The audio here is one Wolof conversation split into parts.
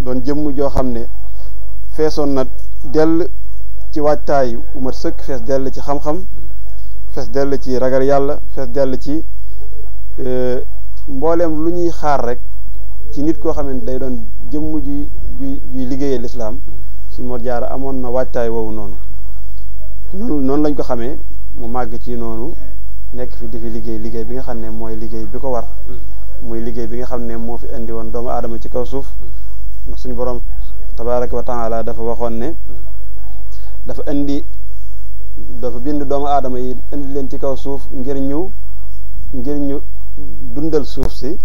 doon jëmm joo xam ne feesoon na dell ci waajtaay wu sëkk fees dell ci xam-xam fees dell ci ragal yàlla fees dell ci e, mbooleem lu ñuy xaar rek ci nit koo xam day doon jëmm juy juy liggéeyee lislaam si Mor Jaara amoon na waajtaay woowu noonu noonu noonu lañ ko xamee mu màgg ci noonu nekk fi di fi liggéey liggéey bi nga xam ne mooy liggéey bi ko war mm. muy liggéey bi nga xam ne moo fi indi woon doomu aadama ci kaw suuf ndax suñu borom tabaaraka wa taala dafa waxoon ne dafa indi dafa bind doomu aadama yi indi leen ci kaw suuf ngir ñu ngir ñu dundal suuf si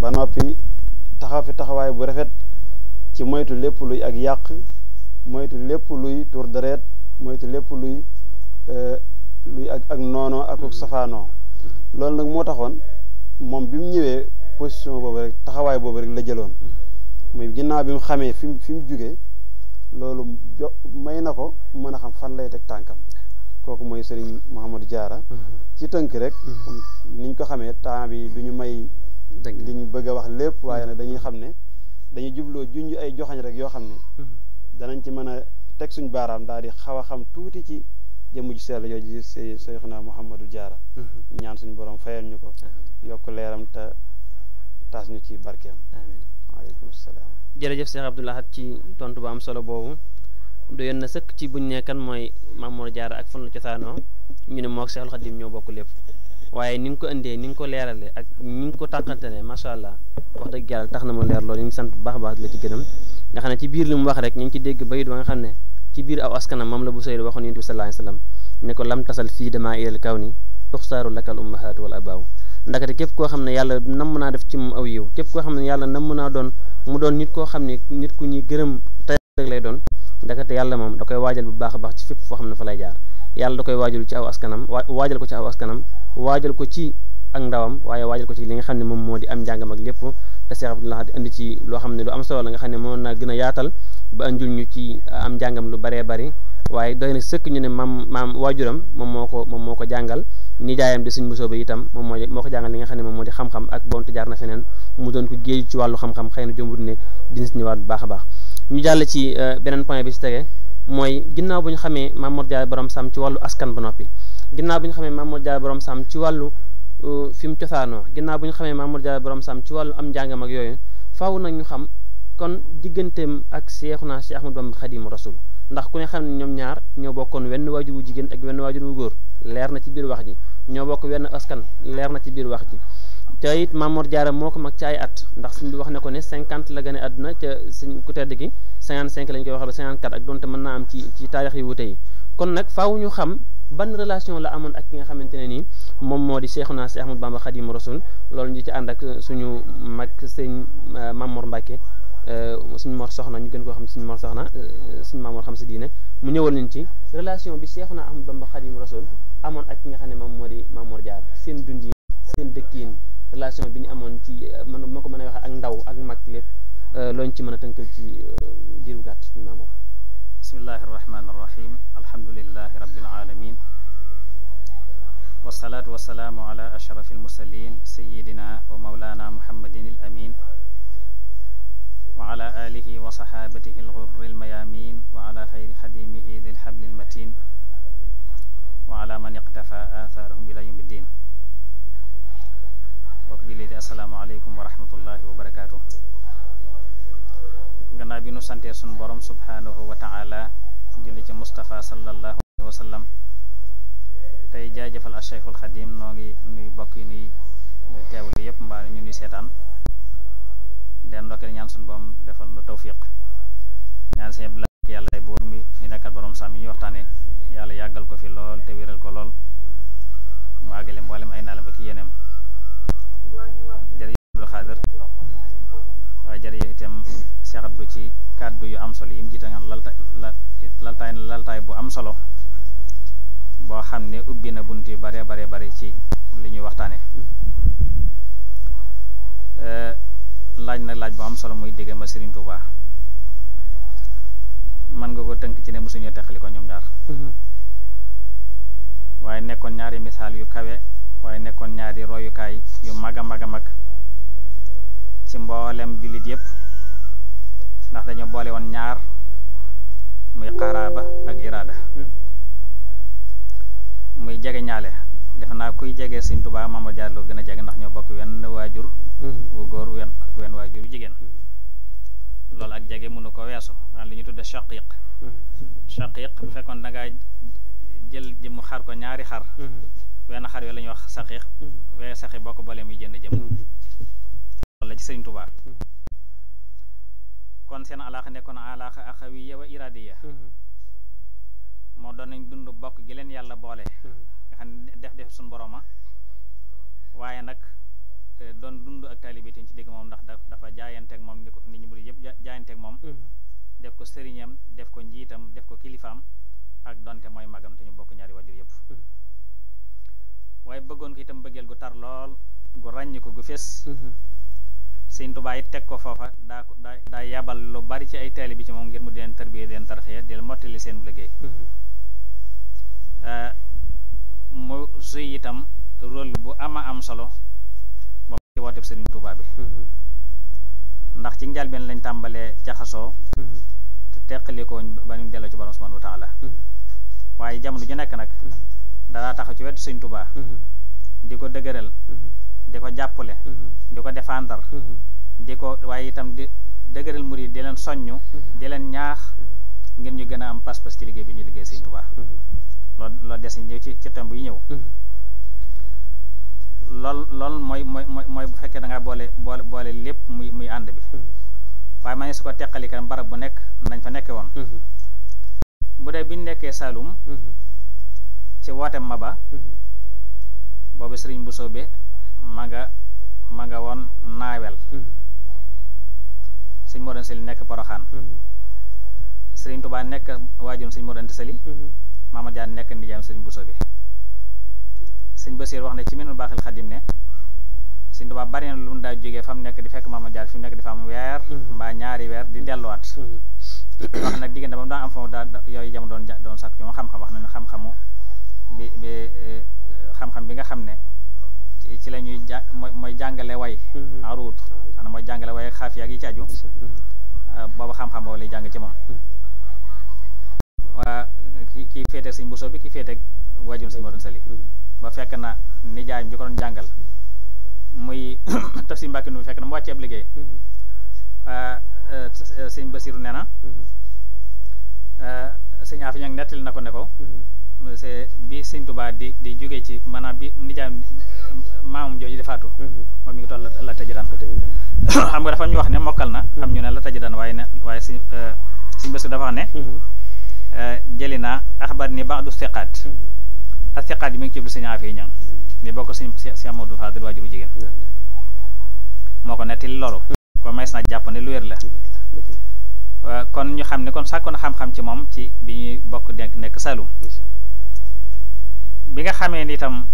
ba noppi taxaw fi taxawaay bu rafet ci moytu lépp luy ak yàq moytu lépp luy tur deret moytu lépp luy eh, luy ak ak noonoo ak mm-hmm. safaanoo mm-hmm. loolu nag moo taxoon moom bi mu ñëwee position boobu rek taxawaay boobu rek la jëloon mm-hmm. muy ginnaaw bi mu xamee fi mu fi mu jugee loolu jo may na ko mën a xam fan lay teg tànkam kooku mooy sëriñ Mouhamadou jaara mm-hmm. ci tënk rek mm-hmm. niñ ko xamee temps bi du ñu may li ñu bëgg a wax lépp waaye nag dañuy xam ne dañuy jubloo junj ay joxañ rek yoo xam ne mm-hmm. danañ ci mën a teg suñ baaraam daal di xaw a xam tuuti ci jëmm ju sell yooyu si Seyxuna Mouhamadou Diarra ñaan suñu borom fayal ñu ko yokk leeram te taas ñu ci barkeem waaleykum salaam jërëjëf Cheikh Abdoul Ahad tontu bu am solo boobu doyoon na sëkk ci buñ ne kan mooy Maam Mor Jaara ak fan la cosaanoo ñu ne moo ak Cheikhul Khadim ñoo bokk lépp waaye ni nga ko indee ni nga ko leerale ak ni nga ko tàqantale macha allah wax dëgg yàlla tax na mu leer loolu ñu bu baax baax di la ci gërëm nga xam ne ci biir li mu wax rek ñu ngi ci dégg bayit ba nga xam ne ci biir aw askanam moom la bu saydu waxoon yonent bi sallallahu alayhi wasallam ne ko lam tasal fii damaa ilal kaw ni tuxsaaru lakal ummahaatu wal abaaw ndakate képp koo xam ne yàlla namm naa def ci moom aw yiw képp koo xam ne yàlla namm naa doon mu doon nit koo xam ne nit ku ñuy gërëm tey rek lay doon ndakate yàlla moom da koy waajal bu baax baax ci fépp foo xam ne fa lay jaar yàlla da koy waajal ci aw askanam waajal ko ci aw askanam waajal ko ci ak ndawam waaye waajal ko ci li nga xam ne moom moo di am njàngam ak lépp te Cheikh Abdoul Ahad indi ci loo xam ne lu am solo la nga xam ne moo naa gën a yaatal ba anjul ñu ci am njàngam lu baree bari waaye doy na sëkk ñu ne maam maam waajuram moom moo ko moom moo ko jàngal nijaayam di suñ mosoo ba itam moom moo moo ko jàngal li nga xam ne moom moo di xam-xam ak bontu jaar na feneen mu doon ko géeju ci wàllu xam-xam xëy na jombut ne dina si ñëwaat bu baax a baax ñu jàll ci euh, beneen point bi si tege mooy ginnaaw bu ñu xamee Maam Mor jaar Borom Sam ci wàllu askan ba noppi ginnaaw bu ñu xamee Maam Mor jaar Borom Sam ci wàllu euh, fi mu cosaanoo ginnaaw bu ñu xamee Maam Mor Jaara Borom Sam ci wàllu am njàngam ak yooyu faaw nag ñu xam kon digganteem ak Seexuna Seex Ahmadu Bamba Xaadimu Rasuul ndax ku ne xam ne ñoom ñaar ñoo bokkoon wenn waajur wu jigéen ak wenn waajur wu góor leer na ci biir wax ji ñoo bokk wenn askan leer na ci biir wax ji te it Mamor Diarra moo ko mag ci ay at ndax suñ bi wax ne ko ne cinquante la gane àdduna ca suñ ku tedd gi cinquante cinq lañ koy wax ba cinquante ak donte mën naa am ci ci taarix yu wute yi kon nag faaw ñu xam ban relation la amoon ak ki nga xamante ne nii moom moo di Cheikhuna Cheikh Ahmadou Bamba Khadim Rasoul loolu ñu ci ànd suñu mag sëñ euh, Mamor Mbacke Euh, suñ mor soxna ñu gën koo xam ne suñ mor soxna euh, suñ maamoor xam sa diine mu ñëwal nañ ci relation bi Seexuna Ahmadu Bamba Xaadimu Rasuul amoon ak ki nga xam ne moom moo di Maam Mor seen dund yi seen dëkkiin relation bi ñu amoon ci euh, man ma ko mën a waxee ak ndaw ak mag lépp looñ ci mën a tënkal ci diir bu gàtt suñ maamoor bismillahi arrahmani arrahim alhamdulilahi rabbil alamin wasalaatu wasalaamu ala ashraf almursalin sayidina wa maulana muhammadin al wa ala alihi wa saxaabatihi alxurri almayaamin wa ala xayri xadimihi di lxabli almatin wa ala man iqtafa athaarahum ila yawmi ddin bokk julli di assalaamu aleykum wa rahmatullahi wa barakaatu gannaaw bi nu santee sun borom subhaanahu wa taala julli ci Mustafa sallallahu alayhi wa sallam tey jaajëfal a Cheikhul Xadim noo ngi nuy bokk yi nuy teewlu yëpp mbaa ñu nuy seetaan den ndokkee ñaan suñu boom defal lu tawfiq ñaan sëñ Abdoulaye yàlla ay buur mi fi nekkal borom sàmm yi ñu waxtaane yàlla yàggal ko fi lool te wéral ko lool mu àggale mboolem ay naalam ba ki yeneem jërëjëf Abdou Khadir waaye jërëjëf itam Cheikh Abdou ci kàddu yu am solo yi mu jiite nga lalta laltaay laltaay bu am solo boo xam ne ubbi na bunt yu bare bare bare ci li ñuy waxtaane mm-hmm. euh, laaj na laaj bu am solo muy digga ma Serigne Touba man nga ko tënk ci ne mosuñu teqali ko ñoom ñaar mhm. waaye nekkoon ñaari misaal yu kawe waaye nekkoon ñaari royukaay yu mag a mag a mag ci mboolem jullit yépp ndax dañu boole woon ñaar muy xaraaba ak iraada mhm. muy jege ñaale def naa kuy jege Sëñ Tuubaa Mamadou Diallo gën a jege ndax ñoo bokk wenn waajur wu mhm. góor wenn ak wenn waajur wu jigéen mhm. loolu ak jege mënu ko weesu waa li ñu tudde shaqiq mhm. shaqiq bu fekkoon da jël ji mu xar ko ñaari xar wenn xar yooyu la wax saqiq wee saxi boo ko muy jënd jëm walla ci Sëñ Tuubaa kon seen alaaxa nekkoon alaaxa axawiyya wa iradiya moo doon nañ dund bokk gi leen yàlla boole xam ne def def suñu borooma waaye nag eh, don dund ak taalibe ci dégg moom ndax dafa jaayanteek moom ni ko ni ñu murid yëpp moom mm-hmm. def ko sëriñam def ko njiitam def ko kilifaam ak donte mooy magam te ñu bokk ñaari wajur yëpp mm-hmm. waaye bëggoon ko itam bëggeel gu tar lool gu ràññ ko gu fés mm-hmm. Sëñ Tuubaa it teg ko foofa daa ko daa daa yabal lu bari ci ay taalibe ci moom ngir mu di leen den di leen tarxiya di leen seen liggéey eh, mu suy itam rôle bu ama am solo ba mu ci wooteb Serigne Touba bi mm-hmm. ndax ci njalbeen lañ tàmbalee jaxasoo mm-hmm. te teqalikooñ ba ñu delloo ci borom subhanahu wa taala mm-hmm. waaye jamono ju nekk nag danaa taxa ci wetu Serigne Touba di ko dëgëral di ko jàppale di ko défendre di ko waaye itam di dëgëral murid di leen soññ di leen ñaax ngir ñu gën a am pas-pas ci liggéey bi ñu liggéey Serigne Touba loolu des ñëw ci ci tomb yi ñëw mm-hmm. lool lool mooy mooy mooy bu fekkee da ngaa boole boole boole lépp muy muy ànd bi mm-hmm. waaye ma ne su ko teqali barab bu nekk nañ fa nekke woon mm-hmm. bu dee bi ñu nekkee Saalum ci woote Maba boobu sëriñ bu soobee ma nga ma nga woon naawel sëñ Mor Anta nekk Poroxaan sëriñ Tuubaa nekk waajum sëñ Mor Anta nekk Diagne nekk nijaayam sëriñ Bousso bi sëñ Basiir wax na ci menul baaxil xadim ne sëñ Tuubaa bari na lu mu daa jógee fa mu nekk di fekk Maama Diagne fi mu nekk di fa am weer mhm. mbaa ñaari weer di delluwaat mhm. wax nag diggante ba mu daan am foofu daa yooyu jam doon doon sàkk ci xam-xam wax nañu xam-xamu bi bi eh, xam-xam bi nga xam ne ci la ñuy ja mooy jàngale way mhm. aruut xanaa jàngale way xaafiya ak yi ci aju ah, booba xam-xam boobu lay jàng ci moom féete sëñ Bousso bi ki féete ak waajur sëñ Maodo Sali ba fekk na nijaayam ji ko doon jàngal muy tafsir Mbàkke nu fekk na mu wàccee ab liggéey mm-hmm. euh, sëñ Basiru nee na sëñ Afi Ñang nettali na ko ne ko mm-hmm. bi sëñ Tuubaa di di jóge ci maanaam bi nijaayam maamum jooju di faatu mm-hmm. moom mi ngi la tëjëdaan xam nga dafa ñu wax ne mokkal na am ñu ne la tëjëdaan waaye ne waaye sëñ euh, sëñ dafa wax ne Eh, jëli naa axbar ni baadu seqaat mm-hmm. ak seqaat yi mu ngi ci lu sëñ Afiya ñan mm-hmm. mi bokk sëñ si Amadou Fadil waajuru jigéen moo ko nettali loolu kon mays na jàpp ne lu wér la eh, kon ñu xam ne kon sàkkoon xam-xam ci moom ci bi ñuy bokk nekk nekk bi nga xamee ni itam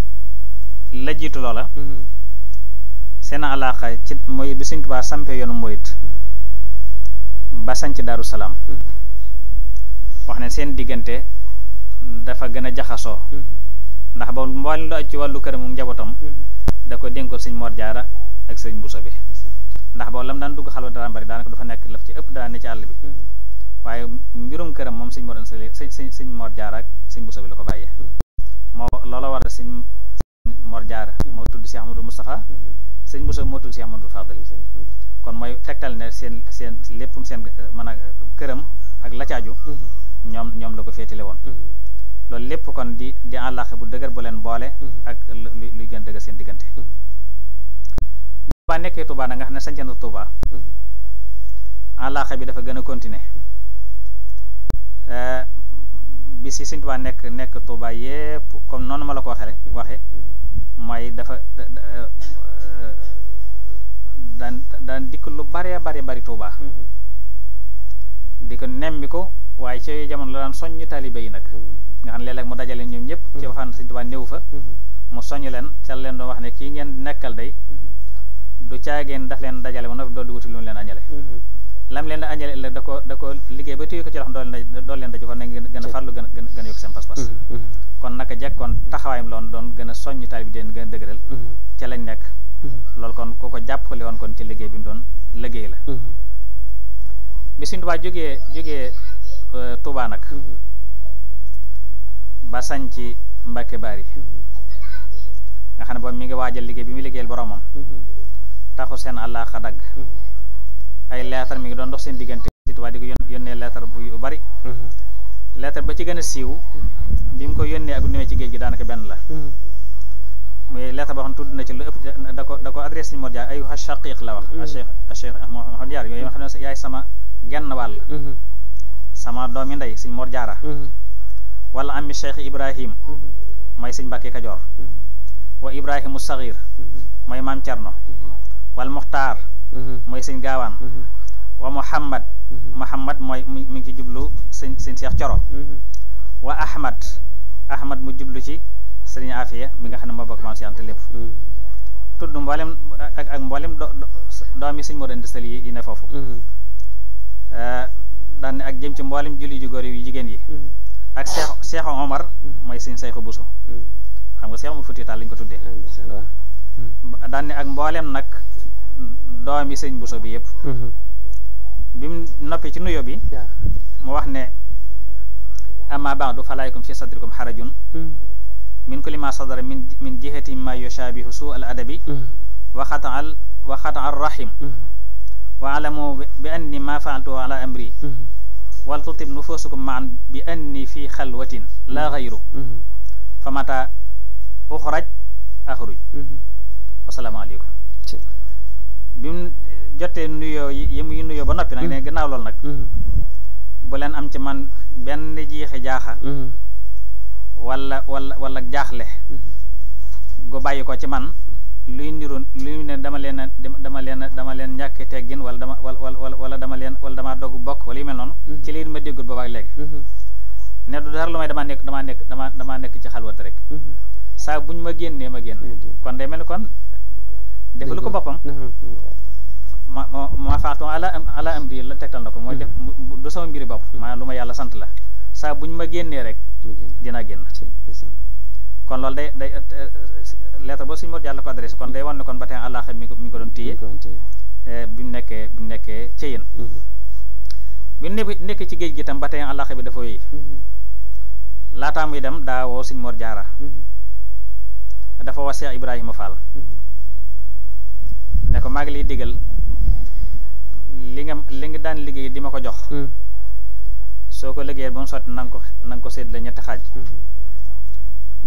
la jiitu loola mm-hmm. seen alaaqa ci mooy bi Sëñ Tuubaa sampe yoonu murit ba sañ ci Daaru Salaam wax ne seen diggante dafa gën a jaxasoo mm-hmm. ndax ba mboolem lu aj ci wàllu këram njabootam mm-hmm. da ko dénkoon sëñ Mor Jaara ak sëñ Buso bi ndax boobu la daan dugg xalwa dara bari daanaka nekk laf ci ëpp daan ci àll bi mm-hmm. waaye mbirum këram moom sëñ Mor Anta sëñ sëñ Mor Jaara ak sëñ Buso bi la ko bàyyee moo loola waral sëñ Mor Jaara moo tudd Cheikh Amadou Moustapha sëñ Buso bi moo tudd Cheikh Amadou Fadali kon mooy tegtal ne seen seen léppum seen mën a këram ak lacaaju ñoom ñoom la ko féetale woon mm-hmm. loolu lépp kon di di àllaaxe bu dëgër bu leen boole mm-hmm. ak luy gën dëgër seen diggante Tuubaa mm-hmm. nekkee Tuubaa danga xam ne sañca na Tuubaa àllaaxe bi dafa gën a continuer eh, bi si Sëñ Tuubaa nekk nekk Tuubaa yépp comme noonu ma la ko waxele waxe mooy dafa eh, daan dikk lu bare bare bari Tuubaa di ko nemmi waaye ci jamono la daan soññ taalibe yi nag mm-hmm. nga xam ne léeg-léeg mu dajale ñoom ñëpp ci mm-hmm. waxaan Sëñ néew fa mm-hmm. mu soññ leen ca leen daf leen dajale mu noppi doo di wuti lu mu leen añale lam leen di añale ëllëg da ko da ko ba téye ko ci ko ne gën a farlu gën kon naka loon doon gën a soññ taalibe yi di leen gën a nekk loolu kon ku ko jàppale woon kon liggéey bi mu doon liggéey la Touba nag mm-hmm. ba sañ ci Mbàkke Bari mm-hmm. nga xam ne boobu mi ngi waajal liggéey bi muy liggéeyal boromam mm-hmm. taxu seen àllaa xa dagg ay leetar mi ngi doon dox seen diggante si Touba di ko yónnee leetar bu bari leetar ba ci gën a siiw bi mu ko yónnee ak ñëwee ci géej gi daanaka benn la muy leetar boo xam tudd na ci lu ëpp da ko da ko adressé ni Mor Jaara sama genn wàll sama doomi ndey sëñ Mor Jaara mm-hmm. wala ami Cheikh Ibrahim mm-hmm. mooy sëñ Mbàkke Kajoor mm-hmm. wa Ibrahimu Saxiir mooy maam Cerno wal Muxtaar mooy sëñ Gaawaan wa Muhammad Muhammad mooy mu ngi ci jublu sëñ sëñ Seex Coro wa Ahmad Ahmad mu jublu ci sëñ Afiya mi nga xam ne moo bokk maam si ante lépp tudd mboolem ak ak mboolem doomi sëñ Mor Anta Sali yi ne foofu euh, daan ak jëm ci mboolem julli ju góor yu jigéen yi. Mm. ak seex seexu Omar. Mm. mooy sëñ Sayxu Buso. Mm. xam nga seex mu Fuuti Taal lañ ko tuddee. daan ak mboolem nag doomi sëñ Buso bi yëpp. Mm-hmm. bi mu noppi ci nuyo bi. mu wax ne amma ba'du falaykum fi sadrikum xarajun. min kulli ma sadara min min jihati ma yushabihu al adabi. waxata al waxata ar rahim. waalamu bi anni ma faaltu ala amri wala tutib nufusukum maan bi anni fi xalwatin la xayru fa mata uxraj axruj asalaamaaleykum bi jotee nuyoo yi nuyoo ba noppi nag ne gannaaw lool nag bu leen am ci man benn jiixi jaaxa wala wala wala jaaxle gu bàyyi ko ci man luy niroon luy ne dama leen a dama leen a dama leen ñàkk teggin wala dama wala wala wala dama leen wala damaa dogg bokk wala yu mel noonu. Mhm. ci lii ma déggut boobaak léegi. Mhm. ne du dara lu may dama nekk damaa nekk damaa damaa nekk ci xalwat rek. Mhm. saa buñ ma génnee ma génn. kon day mel kon. defalu ko boppam. ma ma ma faatu ala la tegtal na ko. mooy def du sama mbiri bopp. maanaam lu ma yàlla sant la. saa ma génnee rek. dina génn. day lettre ba suñu mot jàll ko adressé kon day wan ne kon ba tey àllaaxe mi mi ngi ko doon téye eh, bi nekkee bi mu nekkee ca yéen mm-hmm. nekkee ci géej gi tam ba tey àllaaxe bi dafa wéy mm-hmm. laataam yi dem daa woo suñu mor jaara mm-hmm. dafa wax Cheikh ne ko maa ngi lay digal li nga li nga daan liggéey di ma ko jox soo ko liggéeyal ba mu sotti na ko na nga ko séddale ñetti xaaj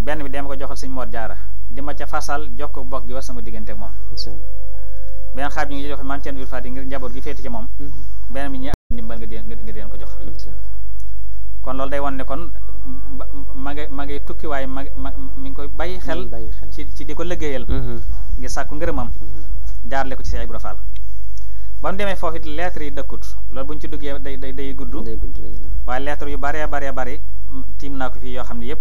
benn bi dem ko joxal suñ Mor Jaara di ma ca fasal jox ko bokk gi war sama diggante ak moom beneen xaaj bi ngi jox maam Cerno Ibrahima Faty ngir njaboot gi féete ci moom mhm. beneen bi ñu ndimbal nga dee nga deen ko jox kon loolu day won ne kon ma nga ma ngay tukki waaye ma ma mi ngi koy bàyyi xel ci ci di ko liggéeyal mhm. ngir sàkku ngërëmam mhm. jaarle ko ci Seex Ibra Faal ba mu demee foofu it lettre yi dëkkut loolu bu ñu ci duggee day day day gudd waaye lettre yu bare bare bare tiim naa ko fii yoo xam ne yëpp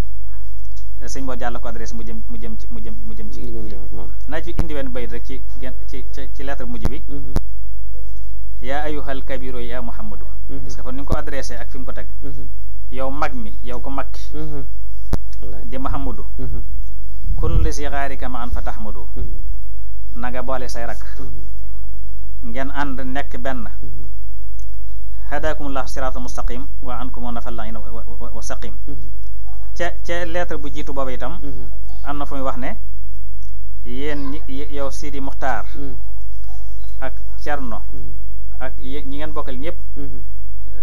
sëñ Mor Diallo ko adresse mu jëm mu jëm ci mu jëm mu jëm ci naa ci indi wenn bayit rek ci ci ci lettre mujj bi mm-hmm. yaa ayuhal kabiro yaa Muhammadu mm-hmm. parce que ni nga ko adressé ak fi mu ko teg mm-hmm. yow mag mi yow ko mag di Muhammadu kun li si xaarika ma an fa taxmadu na boole say rak ngeen ànd nekk benn hadaakumullah siraatu mustaqim wa ankumu nafal la wa saqim ca ca lettre bu jiitu boobu itam mm-hmm. am na fu muy wax ne yéen ñi yow Sidi Muxtaar mm-hmm. ak Cerno mm-hmm. ak ñi ngeen bokkal ñëpp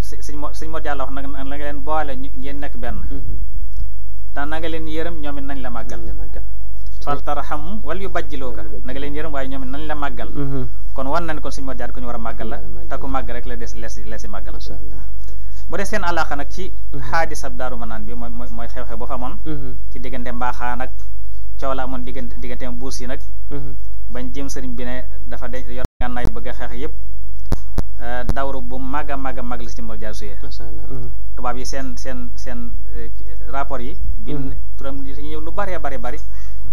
sëñ mo sëñ moo jàll wax nag na nga leen boole ngeen nekk benn ndax na nga leen yërëm ñoom it nañ la màggal fal tarham wala yu bajjiloo ka na nga leen yërëm waaye ñoom it nañ la màggal kon wan nañ kon sëñ moo jaar ko ñu war a màggal la te ku màgg rek la des les les si màggal mu des seen àllaaqa nag ci xaadisab daaru manaan bi mooy mooy xew-xew ba fa amoon mm-hmm. ci diggante mbaaxaa nag coow la amoon diggante diggante buus yi nag mm-hmm. bañ jëm sëriñ bi ne dafa de yor gànnaay bëgg a xeex yëpp euh, dawru bu mag a mag a mag la si mor jaar suyee tubaab yi seen seen seen euh, rapport yi bin mm-hmm. turam di ñëw lu bëree bare bëri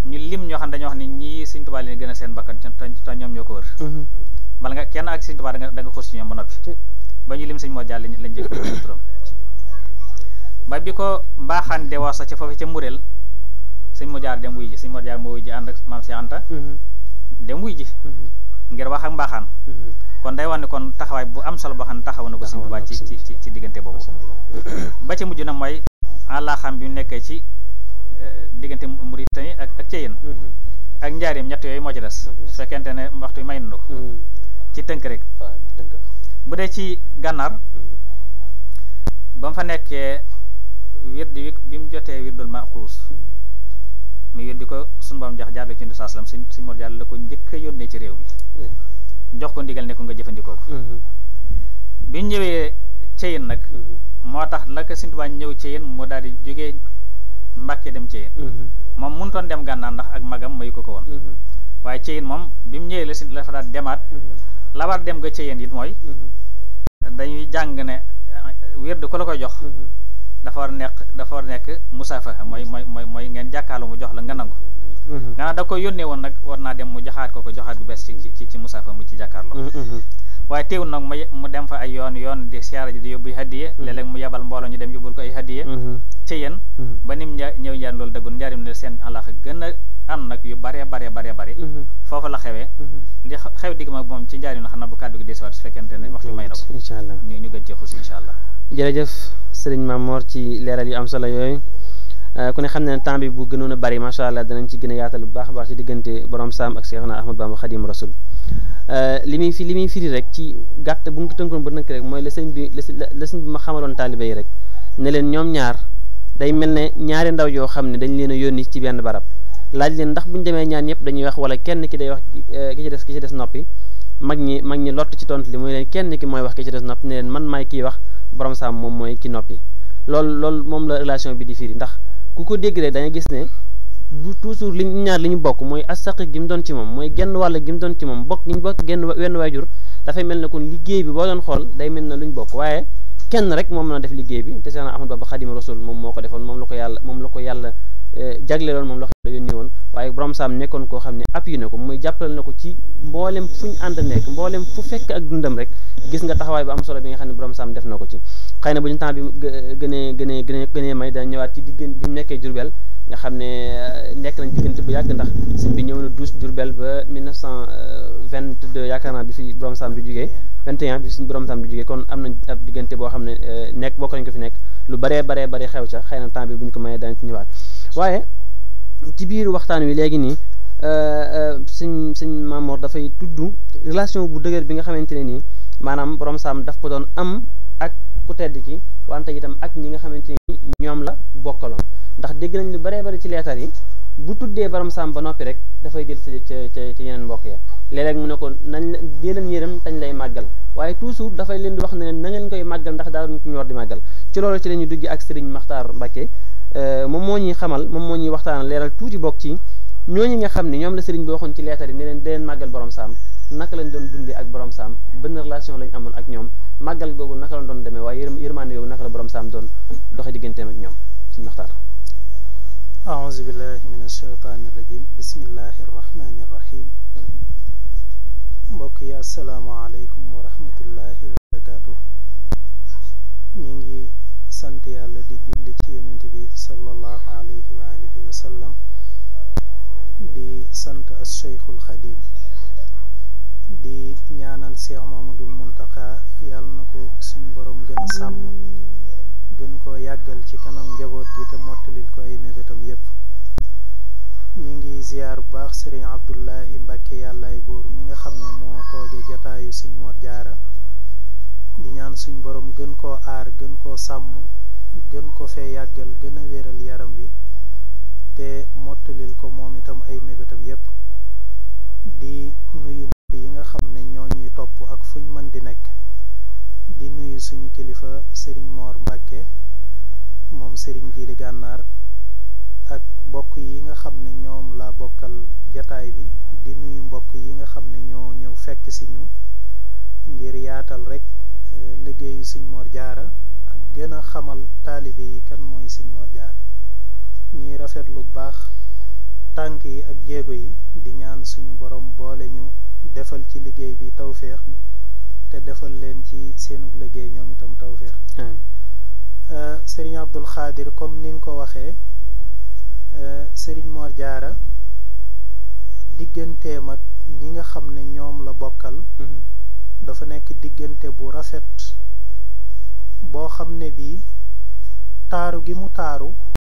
ñu lim ñoo xam dañoo wax ne ñii suñ tubaab leen gën seen bakkan te ñoom ñoo ko wër bala nga kenn ak Sëriñ Tuubaa danga da nga xus ba noppi ba ñu lim sëñ moo jàll lañ jëkk ba bi ko mbaaxaan de wasa ca foofu ca mburéel sëñ moo jaar dem wuy ji sëñ moo jaar moo wuy maam si Anta mhm. dem wuy mhm. ngir wax ak mbaaxaan mhm. kon day wax ne kon taxawaay bu am solo boo xam ne taxaw na ko Sëriñ Tuubaa ci ci diggante boobu ba ca mujj na mooy àllaa xam bi mu ci eh, diggante Mauritanie ak ak Thiéyène ak njaareem ñett yooyu moo ci des su fekkente ne waxtu may na ko ci tënk rek bu dee ci gànnaar mm-hmm. ba mu fa nekkee wird wi bi mu jotee wirdul maxuus mu mm-hmm. wird di ko sunu borom jox jaarle ci ndu si si mor jaarle la ko njëkk a yónnee ci réew mi mm-hmm. jox ko ndigal ne ko nga jëfandikoo ko bi ñu ñëwee Ceyeen nag moo tax la ko Sëñ Tuubaa ñëw Ceyeen mu daal di jógee Mbàkke dem Ceyeen moom mënutoon dem gànnaar ndax ak magam mayu ko ko woon waaye cëyin moom bi mu ñëwee la si la fa demaat mm-hmm. la dem nga cëyin it mooy mm-hmm. dañuy jàng ne uh, wér du ko la koy jox mm-hmm. dafa war nekk dafa war nekk musaafaha mooy mooy mooy mooy ngeen jàkkaarloo mu jox la nga nangu. Mm-hmm. nga da ko yónnee woon nag war naa dem mu joxaat ko ko joxaat gu bees ci ci ci musaafa mu ci jàkkaarloo. Mm-hmm. waaye teewul nag mu mu dem fa ay yoon yoon di siyaara ji di yóbbu hadiye. Mm-hmm. léeg-léeg mu yebal mbooloo ñu dem yóbbul ko ay hadiye. ci yéen. ba nim ña ñëw njaarim loolu dëggul njaarim ne seen àllax gën a am nag yu bare bare bare bare. foofu la xewee. li xew digg mag moom ci njaarim la xam na bu kàddu gi desewaat su fekkente ne waxtu may na ko. incha allah ñu ñu gën cee xuus incha allah. jërëjëf sëriñ Mamor ci leeral yu am solo yooyu euh, ku ne xam ne temps bi bu gënoon a bari macha allah danañ ci gën a yaatal bu baax a baax ci diggante borom saam ak Seexuna Ahmad Bamba Xadim Rasul euh, li muy fi li muy firi rek ci gàtt bu nga ko tënkoon ba nëkk rek mooy la sëñ bi la sëñ bi ma xamaloon taalibe yi rek ne leen ñoom ñaar day mel ne ñaari ndaw yoo xam ne dañ leen a yónni ci benn barab laaj leen ndax bu ñu demee ñaan yëpp dañuy wax wala kenn ki day wax ki ci ki ci des noppi mag ñi mag ñi lott ci tont li muy leen kenn ki mooy wax ki ci des nopp ne leen man maay kii wax borom saam moom mooy ki noppi lool loolu moom la relation bi di firi ndax ku ko dégg rek da gis ne bu toujours li ñaar li ñu bokk mooy asaq gi mu doon ci moom mooy genn wàll gi mu doon ci moom bokk gi ñu bokk genn wenn waajur dafay mel ne kon liggéey bi boo doon xool day mel na lu ñu bokk waaye kenn rek moom mën a def liggéey bi te Seexna Ahmadu Bamba moom moo ko defoon moom la ko yàlla moom la ko yàlla jagleeloon moom loxo la yónnee woon waaye borom saam nekkoon koo xam ne app yi na ko muy jàppale na ko ci mboolem fu ñu ànd nekk mboolem fu fekk ak dundam rek gis nga taxawaay bu am solo bi nga xam ne borom saam def na ko ci xëy na bu ñu temps bi gënee gënee gënee gënee may dañ ñëwaat ci diggante bi ñu nekkee Jurbel nga xam ne euh, nekk nañ diggante bu yàgg ndax bi ñëw na douze Jurbel ba 1922 yaakaar naa bi fi borom saam du jugee 21 bi borom saam du jugee kon am nañ ab diggante boo xam ne euh, nekk bokk nañ ko fi nekk lu baree baree baree xew ca xëy na temps bi bu ñu ko mayee dañ ci ñëwaat waaye ci biir waxtaan wi léegi nii euh, euh, sëñ sëñ Mamor dafay tudd relation bu dëgër bi nga xamante ne nii maanaam borom saam daf ko doon am ak ku tedd ki wante itam ak ñi nga xamante ni ñoom la bokkaloon ndax dégg nañ lu baree bari ci leetar yi bu tuddee borom saam ba noppi rek dafay jël ci ca ca yeneen mbokk ya léeg mu ne ko nañ dee leen yërëm tañ lay màggal waaye toujours dafay leen di wax ne leen koy màggal ndax daa ñu war di màggal ci la ñuy dugg ak Serigne Makhtar Mbacke euh, moom moo ñuy xamal moom moo ñuy waxtaanal leeral tuuti bokk ci ñooñu nga xam ne ñoom la Serigne bi waxoon ci leetar yi leen dee leen màggal borom saam naka lañ doon dundee ak borom saam benn relation lañ amoon ak ñoom màggal googu naka lañ doon demee waaye yërmande googu naka la borom saam doon doxe digganteem ak ñoom Serigne أعوذ بالله من الشيطان الرجيم بسم الله الرحمن الرحيم mbokk yi asalaamaaleykum wa rahmatullahi wa barakaatu ñi ngi sant yàlla di julli ci yonent bi sallallahu alayhi wa alihi wa sallam di sant as cheikhul xadim di ñaanal cheikh mamadul muntaka yàlla na ko suñ borom gën a sàmm gën koo yàggal ci kanam njaboot gi te mottalil ko ay mébét ziar bu baax sëriñ Abdullahi Mbacke yàllaay buur mi nga xam ne moo toogee jataayu suñ moor Jaara di ñaan suñ boroom gën koo aar gën koo sàmm gën ko fee yàggal gën a wéral yaram wi te mottalil ko moom itam ay mébétam yépp di nuyu mbokk yi nga xam ne ñoo ñuy topp ak fuñ mën di nekk di nuyu suñu kilifa sëriñ Mor Mbacke moom sëriñ Jili Gànnaar ak mbokk yi nga xam ne ñoom laa bokkal jataay bi di nuyu mbokk yi nga xam ne ñoo ñëw fekk si ñu ngir yaatal rek eh, liggéey Sëñ Mor Jaara ak gën a xamal taalibe yi kan mooy Sëñ Mor Jaara ñuy rafet lu baax tànk yi ak jéego yi di ñaan suñu borom boole ñu defal ci liggéey bi tawféex te defal leen ci seenug liggéey ñoom itam tawféex eh, sëriñ Abdul Xaadir comme ni nga ko waxee Eh, sëriñ Mor Jaara digganteem ak ñi nga xam ne ñoom la bokkal mhm. dafa nekk diggante bu rafet boo xam ne bii taaru gi mu taaru